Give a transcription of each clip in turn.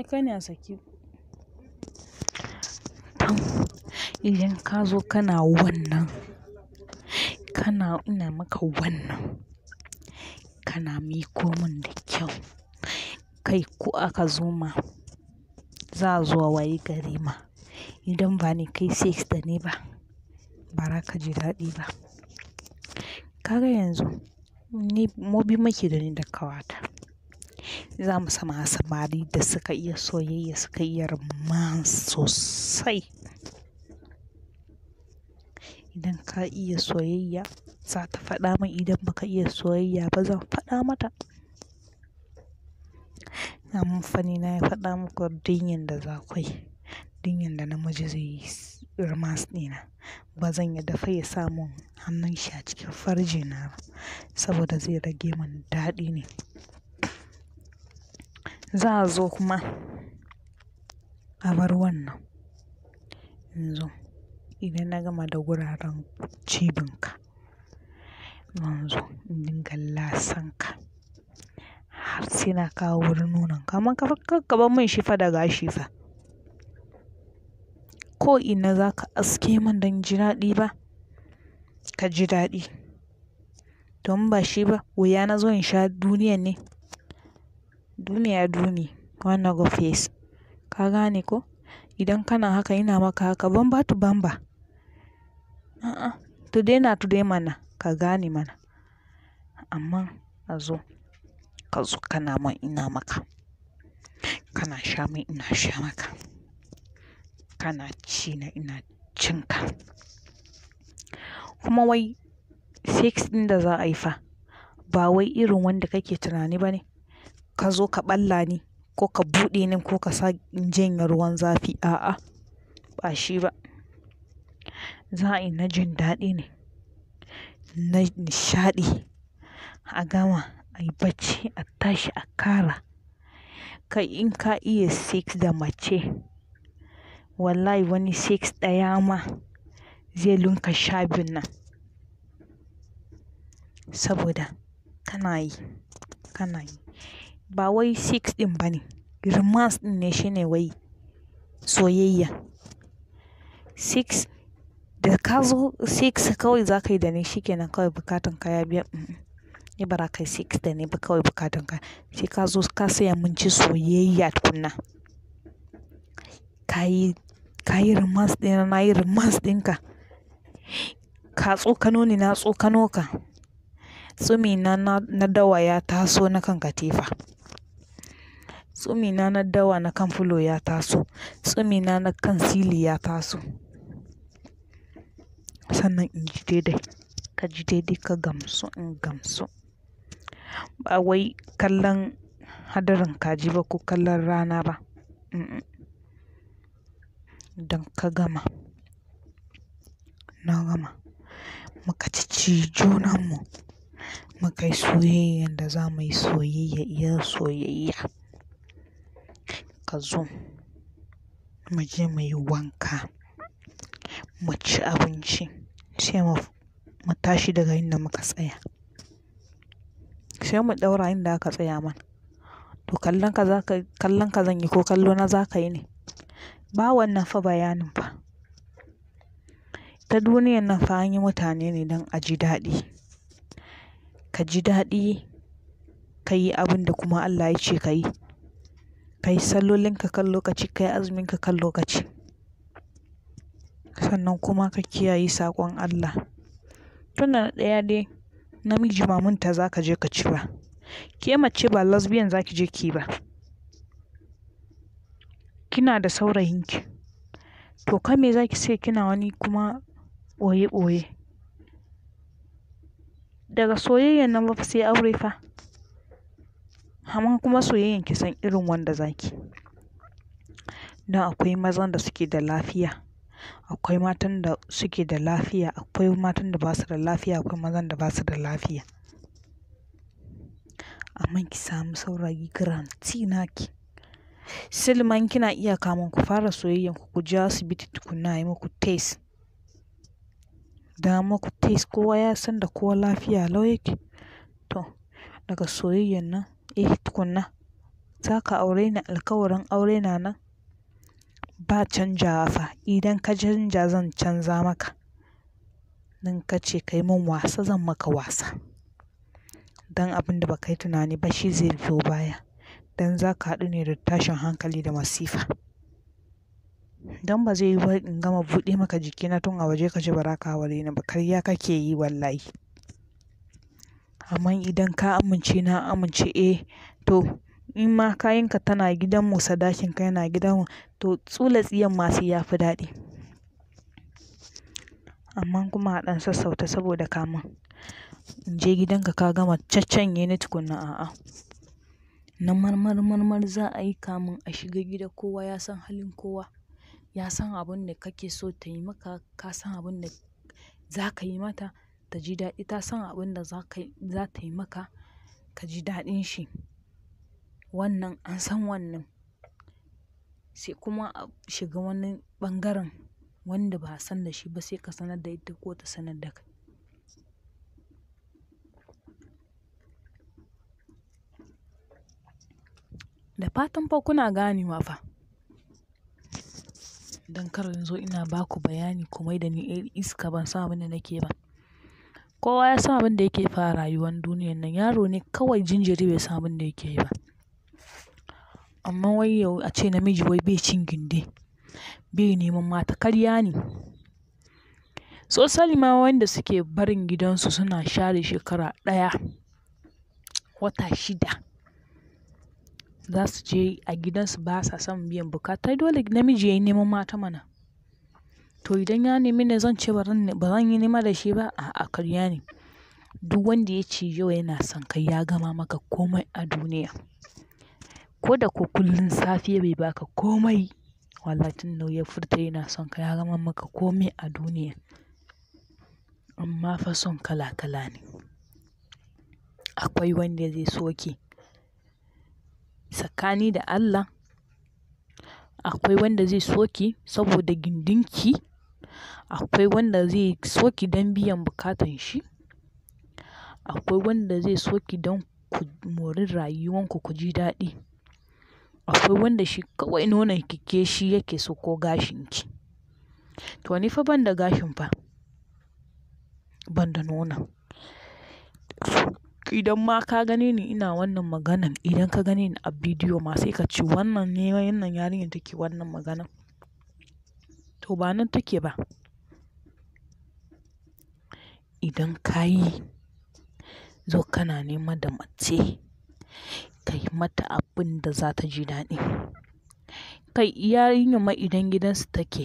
ai kai ne Idan ka zo kana wannan, kana ina maka wannan, kana miko min da kyau. Kai ko aka zo ma, za a zuwa a wayi gari ma. Idan ba kai sex da ni ba, ba za ka ji daɗi ba. Kaga yanzu ni mu biyu muke da ni da kawata. za mu sama samari da suka iya soyayya suka iya man sosai idan ka iya soyayya za ta faɗa min idan baka iya soyayya ba zan faɗa mata amma fani na ya faɗa muku dinyin da za ku dinyin da namiji zai yi romance ɗina ba zan ya dafa ya samu hannun shi a cikin farji na saboda zai rage mun daɗi ne za a zo kuma a bar wannan. In zo idan na gama da guraren cibinka, zan zo in dinga lasanka har sai na kawo wurin nononka. Amma kar ka bar min shi da gashi fa. Ko ina za ka aske min don ji daɗi ba, ka ji daɗi. Don ba shi ba wuya na zo in sha duniyan ne. duniya dumi wannan go face. Ka gane ko? Idan kana haka ina maka haka bamba tu bamba. A'a, today na today mana ka gane mana. Amma a zo ka zo kana mun ina maka. Kana sha mun ina sha maka. Kana ci na ina cin ka. Kuma wai sex ɗin da za a yi fa ba wai irin wanda kake tunani ba ne. ka zo ka ɓalla ni ko ka buɗe ni ko ka sa in ruwan zafi a'a ba shi ba za a yi na jin daɗi ne na nishaɗi a gama a yi bacci a tashi a kara kai in ka iya sex da mace wallahi wani sex ɗaya ma zai lunka sha biyun nan saboda kana yi kana yi ba wai sex ɗin ba ne, romance ɗin ne shine wai soyayya. Sex da ka zo sex kawai za ka yi da ni shikenan kawai bukatan ka ya biya. Ni ba za ka yi sex da ni ba kawai bukatan ka. Sai ka zo ka saya mun ci soyayya tukuna. Ka yi, ka yi romance ɗina, na yi romance ɗinka. Ka tsokano ni, na tsokano ka. tsumi na, na dawa ya taso na kan katifa. tsumina na dawa na kan fulo ya taso tsumina na kan sili ya taso sannan in ji daidai ka ji daidai ka gamsu in gamsu ba wai kallon hadarin kaji ba ko kallon rana ba don ka gama na gama muka ci junanmu muka yi soyayya da za mu yi soyayya iya soyayya ka zo mu je mu yi wanka, mu ci abinci sai mu tashi daga inda muka tsaya. Sai mu ɗaura inda aka tsaya man To kallon ka kallon ka zan yi ko kallo na za ka yi ne? Ba wannan fa bayanin fa. Ta duniyan nan fa an yi mutane ne don a ji daɗi. Ka ji daɗi, ka yi abin da kuma Allah ya ce ka yi. ka yi sallolinka kan lokaci, ka yi azuminka kan lokaci. Sannan kuma ka kiyaye saƙon Allah. tunda na ɗaya dai namiji mamunta munta za ka je ka ci ba. Ke mace ba lesbian za ki je ki yi ba. Kina da saurayinki. To ka me za ki ce kina wani kuma ɓoye-ɓoye? Daga soyayya na fa sai aure fa. amma kuma soyayyan ki san irin wanda za ki. Don akwai mazan da suke da lafiya, akwai matan da suke da lafiya, akwai matan da ba su da lafiya, akwai mazan da ba su da lafiya. Amma ki sami saurayi garanti naki. Silma in kina iya kamin ku fara soyayyan ku, ku je asibiti tukuna ayi muku test. Da muku test kowa ya san da kowa lafiya lau yake. To daga soyayyan nan eh tukunna za ka aure ni alkawarin aure na nan ba canjawa fa idan ka canja zan canza maka. Nan ka ce ka yi min wasa zan maka wasa. Don abin da ba yi tunani ba shi zai biyo baya. Don za ka haɗu ne da tashin hankali da masifa. Don ba zai yi in gama buɗe maka jikina tun a waje ka ji ba za ka ni ba karya kake yi wallahi. Amma idan ka amince na amince eh to in ma kayanka tana gidanmu ka yana gidanmu to tsula tsiyan ma sai ya fi daɗi. Amma kuma a ɗan sassauta saboda kamin in je gidanka ka gama caccanye ni tukunna a'a. Na marmar marmar za a yi kamin a shiga gida kowa ya san halin kowa, ya san abin da kake so ta yi maka, ka san abin da za ka yi mata ta ji daɗi ta san abin da za ta yi maka ka ji daɗin shi wannan an san wannan sai kuma a shiga wani ɓangaren wanda ba a san da shi ba sai ka sanar da ita ko ta sanar da kai da fatan fa kuna wa fa don kar in zo ina baku bayani kuma da ni iska ban san abin da nake ba kowa ya san abin da yake fara a rayuwan duniyan nan yaro ne kawai jinjiri bai san abin da yake yi ba amma wai yau a ce namiji wai bai cin gindi bai neman mata karya ne sosai ma wanda suke barin gidansu suna share shekara ɗaya wata shida za su je a gidansu ba sa son biyan bukata dole namiji ya yi neman mata mana To idan ya nemi ne zan ce ba zan yi nema da shi ba? A'a karya ne. Duk wanda ya ce yau yana son kai ya gama maka komai a duniya. Ko da ko kullum safe bai baka komai wallahi tunda ya furta yana son ka ya gama maka komai a duniya. Amma fa son kala kala ne. Akwai wanda zai so tsakani da Allah. Akwai wanda zai so saboda gindinki. Akwai wanda zai so ki don biyan bukatan shi, akwai wanda zai so ki don ku mori rayuwan ku ji daɗi, akwai wanda shi kawai nonon ki ke shi yake so ko gashin ki. To ni fa ban da gashin fa, ban da nonon. Idan ma ka gane ni ina wannan maganan, idan ka gane ni a bidiyo ma sai ka ce wannan ne wannan yarinyar take wannan maganan. To ba nan take ba. idan kayi yi zo kana nema da mace ka yi mata abin da za ta ji daɗi. Kai yi ma idan gidansu take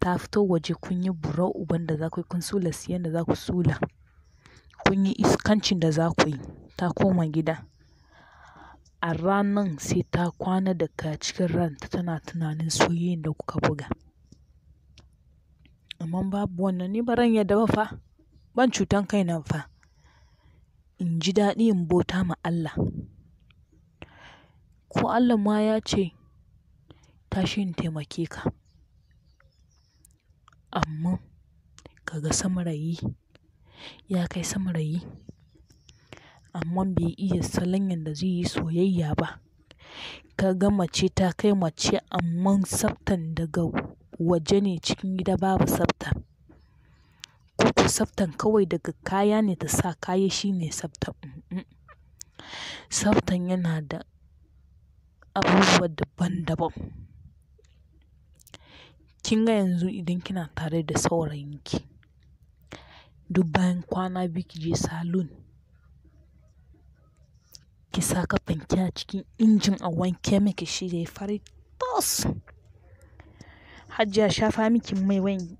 ta fito waje kun yi burau uban da za ku yi, kun sula siyan da za ku sula, kun yi iskancin da za ku yi ta koma gida. A ranar sai ta kwana da ka cikin ranta tana tunanin soyayyen da kuka buga. amma babu wannan ni ba yadda ba fa ban cutan kaina fa in ji daɗi in bota ma Allah ko Allah ma ya ce tashi in taimake ka amma ka ga ya kai samurai amma bai iya salon yanda zai yi soyayya ba ka ga mace ta kai mace amma tsaftan daga waje ne cikin gida babu tsafta. Ko ko tsaftan kawai daga kaya ne ta sa kaya shi ne tsafta. Mm-mm. Tsaftan yana da abubuwa daban-daban. Kin ga yanzu idan kina tare da saurayinki, duk bayan kwana biyu ki je salon, ki sa ƙafanki a cikin injin a wanke miki shi ya yi fari tas. Hajiya shafa miki mai wan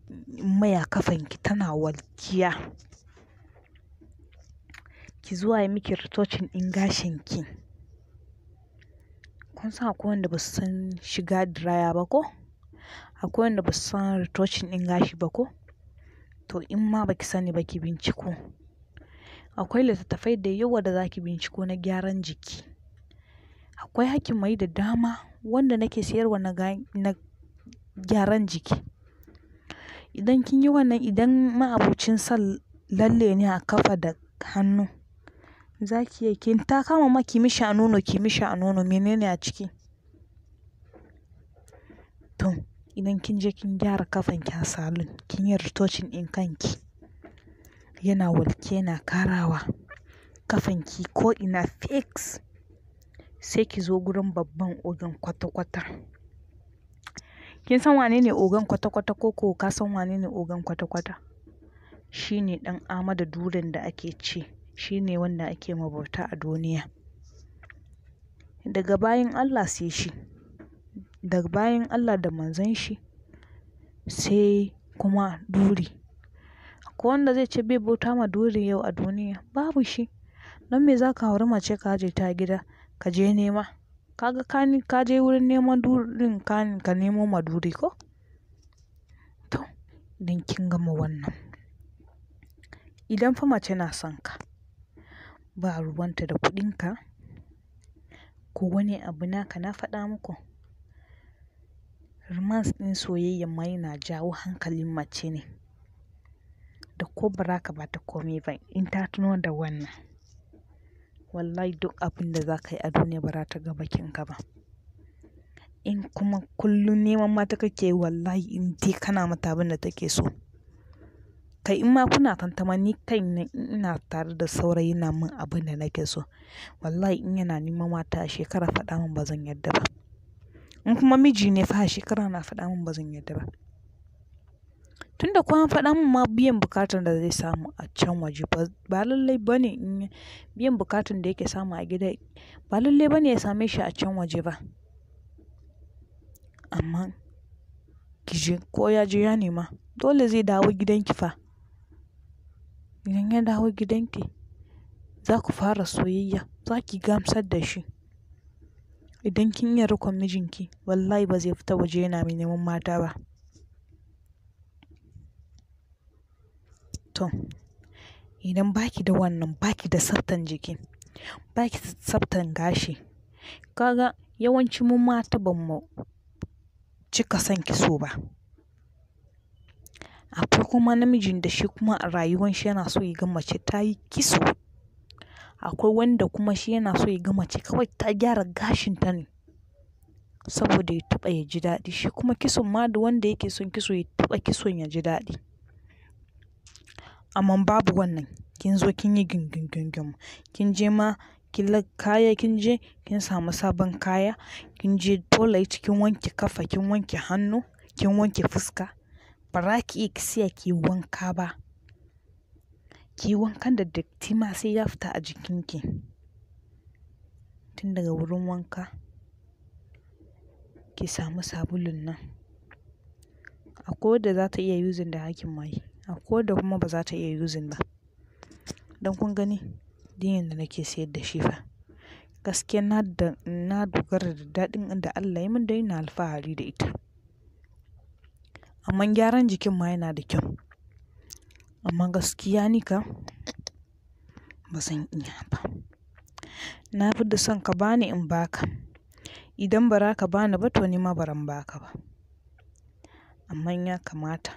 mai a kafanki tana walƙiya. Ki zuwa yi miki retouching ɗin gashin ki. Kun san akwai wanda ba san shiga diraya ba ko? Akwai wanda ba san retouching ɗin gashi ba ko? To in ma ba ki sani ba ki binciko. Akwai littattafai da yawa da za ki binciko na gyaran jiki. Akwai mai da dama wanda nake sayarwa na ga na. gyaran jiki idan kin yi wannan idan ma'abocin san lalle ne a kafa da hannu za ki iya kin ta kama ma ki mishi a nono ki mishi a nono menene a ciki to idan kin je kin gyara ki a salon kin yi retouching ɗin kanki yana walke yana karawa ki ko ina fix sai ki zo gurin babban ogan kwata-kwata Kin san wane ne ogan kwata-kwata ko ko ka san wane ne ogan kwata-kwata? Shi ne ɗan Amadu Durin da ake ce, shi ne wanda ake ma bauta a duniya. Daga bayan Allah sai shi, daga bayan Allah da manzan shi sai kuma Duri. Ko wanda zai ce bai bauta ma Duri yau a duniya? Babu shi. Don me za ka hori mace ka je ta gida ka je nema? kaga kani ka je wurin neman durin kani ka nemo maduri ko? To, don kin gama wannan, idan fa mace na son ka, ba ruwanta da kuɗinka ko wani abu naka na faɗa muku. Romance ɗin soyayya ma yana jawo hankalin mace ne, da ko ba ba ta ba in ta tuno da wannan. wallahi duk abin da za ka yi a duniya ba za ta ga bakinka ba. In kuma kullum neman mata kake yi wallahi in dai kana mata abin da take so. Kai in ma kuna tantama ni kai in ina tare da saurayi na min abin da nake so. Wallahi in yana neman mata a shekara faɗa min ba zan yarda ba. In kuma miji ne fa a shekara na faɗa min ba zan yarda ba. tunda kuma an faɗa min ma biyan buƙatar da zai samu a can waje ba lallai ba ne biyan bukatan da yake samu a gida ba lallai ba ne ya same shi a can waje ba amma ki je ko ya je ya nema dole zai dawo gidanki fa idan ya dawo gidanki za ku fara soyayya za ki gamsar da shi idan kin iya rikon mijinki wallahi ba zai fita waje yana mai neman mata ba mutum. Idan baki da wannan, baki da tsaftan jiki, baki tsaftan gashi. Kaga yawanci mu mata ba mu cika son kitso ba. Akwai kuma namijin da shi kuma a rayuwan shi yana so ya ga mace ta yi kitso. Akwai wanda kuma shi yana so ya ga mace kawai ta gyara gashin ta ne saboda ya taɓa ya ji daɗi. Shi kuma kitson ma da wanda yake son kitso ya taɓa kitson ya ji daɗi. Amma babu wannan, kin zo kin yi gingingingim, kin je ma kin kaya kin je kin samu sabon kaya, kin je toilet kin wanke kafa, kin wanke hannu, kin wanke fuska. Ba za ki iya ki tsaya ki yi wanka ba. Ki yi wankan da datti ma sai ya fita a jikinki. Tun daga wurin wanka ki samu sabulun nan. Akwai wadda za ta iya using da hakin mai. ko da kuma ba za ta iya using ba. Don kun gani, dinin da nake sayar da shi fa. Gaskiya na da, dogara da daɗin inda Allah ya mun da ina alfahari da ita. Amman gyaran jikin ma yana da kyau. Amma gaskiya ni ka ba zan iya ba. Na fi da son ka bani in ba ka. Idan ba ka bani ba to ni ma ba ran ba ka ba. Amman ya kamata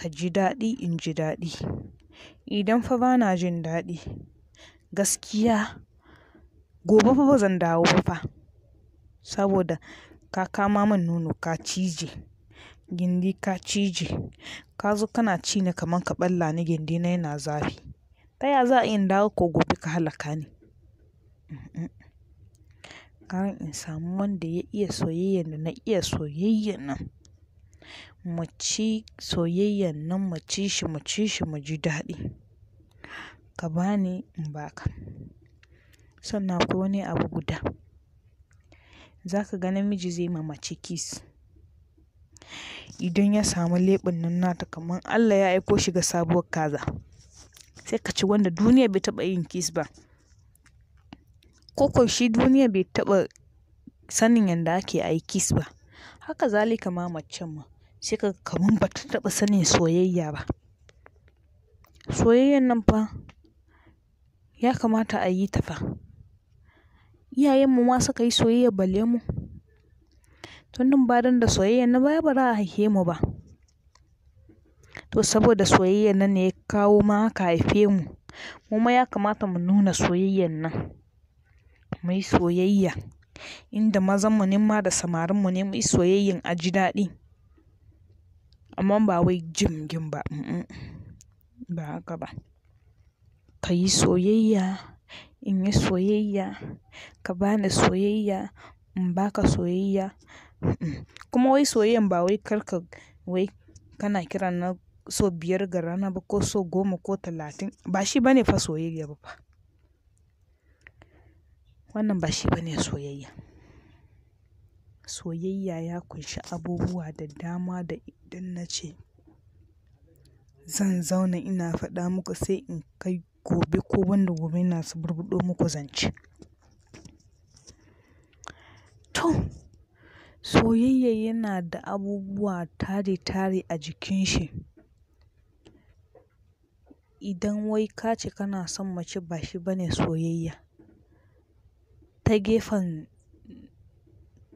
ka ji daɗi in ji daɗi. Idan fa ba na jin daɗi gaskiya gobe fa zan dawo ba fa saboda ka kama min nono ka cije, gindi ka cije. Ka zo kana ci ne kamar ka ɓalla ni na yana zafi. Ta ya za a yi in dawo ko gobe ka halaka ni? Gara in samu wanda ya iya soyayyan da na iya soyayyan nan. mu ci soyayyan nan mu ci shi mu ci shi mu ji daɗi. Ka ba in ba ka. Sannan akwai wani abu guda. Za ka ga namiji zai ma mace kiss. Idan ya samu leɓen nan nata kaman Allah ya aiko shi ga sabuwar kaza. Sai ka ci wanda duniya bai taɓa yin kis ba. Ko ko shi duniya bai taɓa sanin yadda ake a kiss ba. Haka zalika ma macen ma sai ka kaman ba ta taɓa sanin soyayya ba. Soyayyan nan fa ya kamata a yi ta fa. Iyayenmu ma suka yi soyayya bale mu. Tun in ba da soyayyan nan ba ba za a haife mu ba. To saboda soyayya nan ne ya kawo ma aka haife mu. Mu ma ya kamata mu nuna soyayyan nan, mu yi soyayya. inda mazanmu ne ma da samarinmu ne mu yi soyayyen a ji daɗi. Amma ba wai jim ba, ba haka ba. Ka yi soyayya, in yi soyayya, ka bani soyayya, in ba soyayya, Kuma wai soyayyan ba wai kar ka wai kana kira na so biyar ga rana ba ko so goma ko talatin, ba shi bane fa soyayya ba Wannan ba shi bane soyayya. Soyayya ya ƙunshi abubuwa da dama da idan na ce zan zauna ina faɗa muku sai in kai gobe ko wanda gobe na su burbuɗo muku zance. To, soyayya yana da abubuwa tare-tare a jikin shi. Idan wai ka ce kana son mace ba shi bane soyayya. ta gefen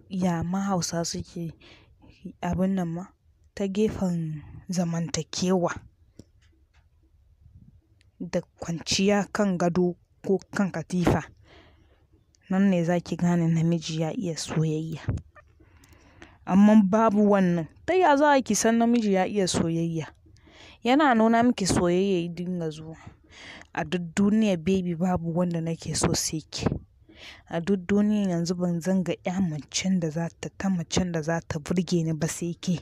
ya ma Hausa suke abin nan ma ta gefen zamantakewa da kwanciya kan gado ko kan katifa. Nan ne za ki gane namiji ya iya soyayya. Amma babu wannan, ta ya za ki san namiji ya iya soyayya? Yana nuna miki soyayya ya dinga zuwa. A duk duniya baby babu wanda nake so sai ke. A duk duniyan yanzu ban zan ga ƴa macen da za ta ta macen da za ta burge ni ba sai ke.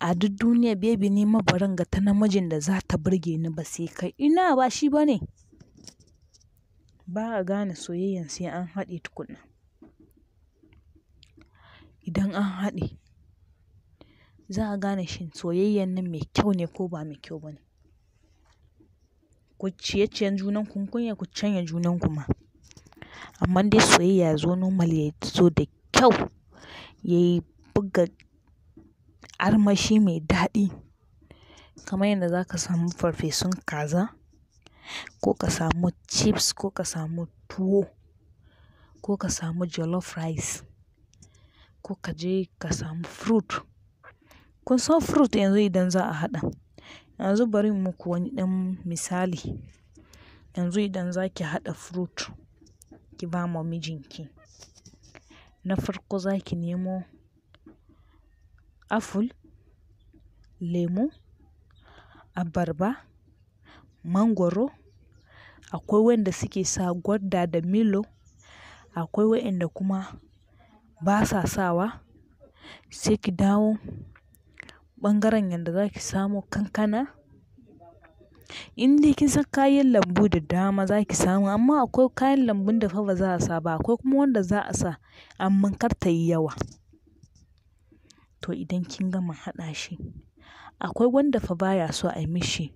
A duk duniya bebi ni ma ga ta namijin da za ta burge ni ba sai kai. Ina ba shi ba ne. Ba a gane soyayyan sai an haɗe tukuna. Idan an haɗe, za a gane shin soyayyan nan mai kyau ne ko ba mai kyau ba ne. Ku ciye-ciyen junan ku kun iya ku canye junan ma. Amma dai soyayya zo normal ya zo da kyau, ya yi buga armashi mai daɗi kamar yadda za ka samu farfesun kaza ko ka samu chips ko ka samu tuwo ko ka samu jollof rice ko ka je ka samu fruit. Kun san fruit yanzu idan za a haɗa. Yanzu bari in muku wani ɗan misali. Yanzu idan za ki haɗa fruit, ki ba ma mijinki. Na farko za ki nemo aful, lemu, abarba, mangoro, Akwai wanda suke sa gwanda da milo, akwai waɗanda kuma ba sa sawa. Sai ki dawo ɓangaren yadda za ki samo kankana, In dai kin san kayan lambu da dama za ki samu amma akwai kayan lambun da fa ba za a sa ba akwai kuma wanda za a sa amma kar ta yi yawa. To idan kin gama haɗa shi akwai wanda fa baya so a yi mishi.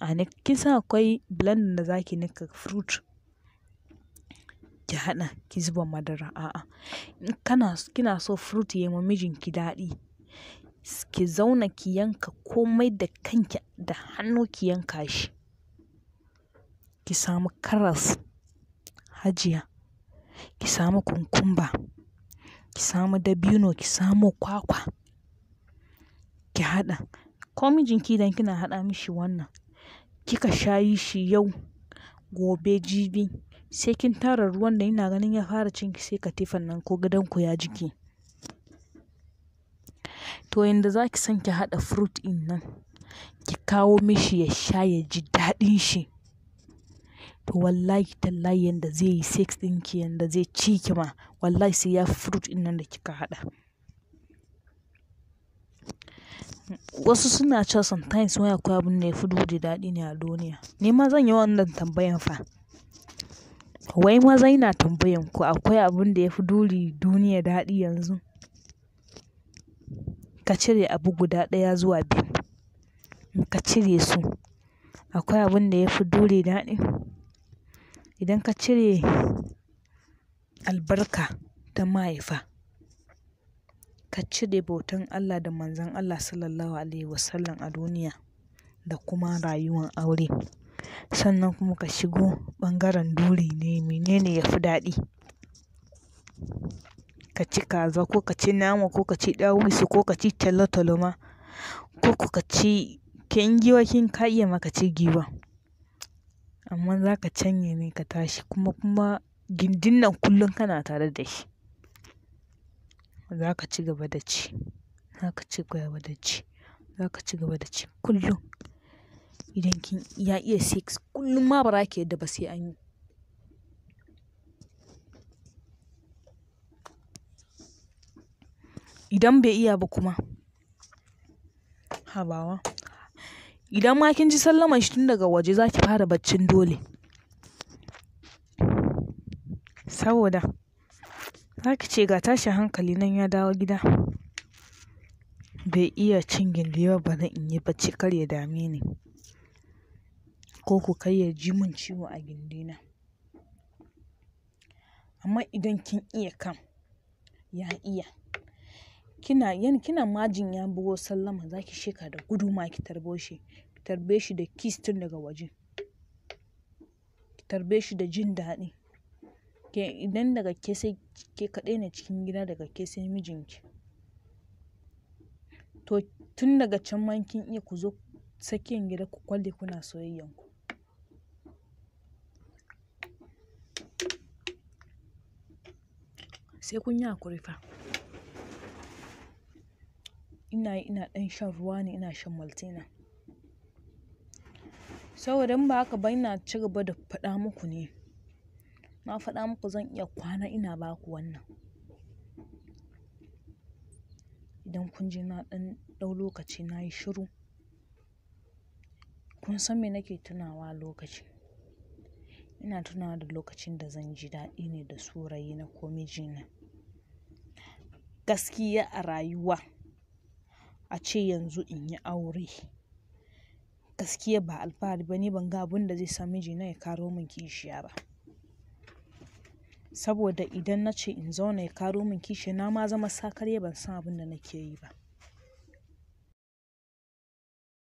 A ne kin san akwai blender da za ki nika fruit ki haɗa ki zuba madara a'a. Kana, kina so fruit ya yi ma mijinki daɗi ki zauna ki yanka komai da kanki da hannu ki yanka shi. Ki samu karas, hajiya, ki samu kunkumba, ki samu dabino, ki samu kwakwa, ki haɗa. Ko mijinki idan kina haɗa mishi wannan, kika shayi shi yau, gobe, jibi sai kin tara ruwan da ina ganin ya fara cinki sai katifan nan ko gadon ku ya jiki. To yanda za ki san ki haɗa fruit ɗin nan, ki kawo mishi ya sha ya ji daɗin shi. To wallahi tallahi yanda zai yi sex ki yanda zai ci ki ma wallahi sai ya fi fruit ɗin nan da kika haɗa. Wasu suna cewa sometimes wai akwai abun da ya yafi da daɗi ne a duniya. Ni ma zan yi wannan tambayan fa. Wai maza ina tambayan ku akwai abun da ya fi duri duniya daɗi yanzu? ka cire abu guda ɗaya zuwa biyu ka cire su akwai abun da yafi dure daɗi idan ka cire albarka ta mahaifa ka cire bautan Allah da Manzon Allah Sallallahu Alaihi Wasallam a duniya da kuma rayuwar aure sannan kuma ka shigo ɓangaren duri ne menene yafi daɗi. ka ci kaza ko ka ci nama ko ka ci ɗawisu ko ka ci talo-talo ma ko ko ka ci kin giwa kin ka iya ma ka ci giwa amma za ka canye ne ka tashi kuma kuma gindin nan kullum kana tare da shi za ka ci gaba da ci za ka ci gaba da ci za ka ci gaba da ci kullum idan kin ya iya sex kullum ma ba za ki yadda ba sai an yi. Idan bai iya ba kuma. Habawa. Idan ma kin ji sallaman shi tun daga waje za ki fara baccin dole. Saboda za ki ce ga tashin hankali nan ya dawo gida. Bai iya cin gindi ba zan in yi bacci kar ya dame ni. Ko ko kar ya ji mun ciwo a gindina. Amma idan kin iya kan ya iya. kina, yan kina majin ya bugo sallama za ki sheka da gudu ma ki tarbo shi. Ki tarbe shi da kiss tun daga waje. Ki tarbe shi da jin daɗi. Ke idan daga ke sai ke kaɗai ne cikin gida daga ke sai mijinki. To tun daga can ma kin iya ku zo sakiyan gida ku kwalle kuna soyayyan ku. Sai kun yi hakuri fa. ina yi ina ɗan shan ruwa ne ina shan Maltina. Saboda in ba haka ba ina ci gaba da faɗa muku ne. Na faɗa muku zan iya kwana ina ba ku wannan. Idan kun ji na ɗan ɗau lokaci na yi shiru, kun san me nake tunawa lokacin. Ina tunawa da lokacin da zan ji daɗi ne da na ko mijina. Gaskiya a rayuwa a ce yanzu in yi aure. Gaskiya ba alfahari ba, ne ban ga abun da zai sa na ya karo min kishiya ba. Saboda idan na ce in zauna ya karo min kishiya, na ma zama sakarya ban san abun da nake yi ba.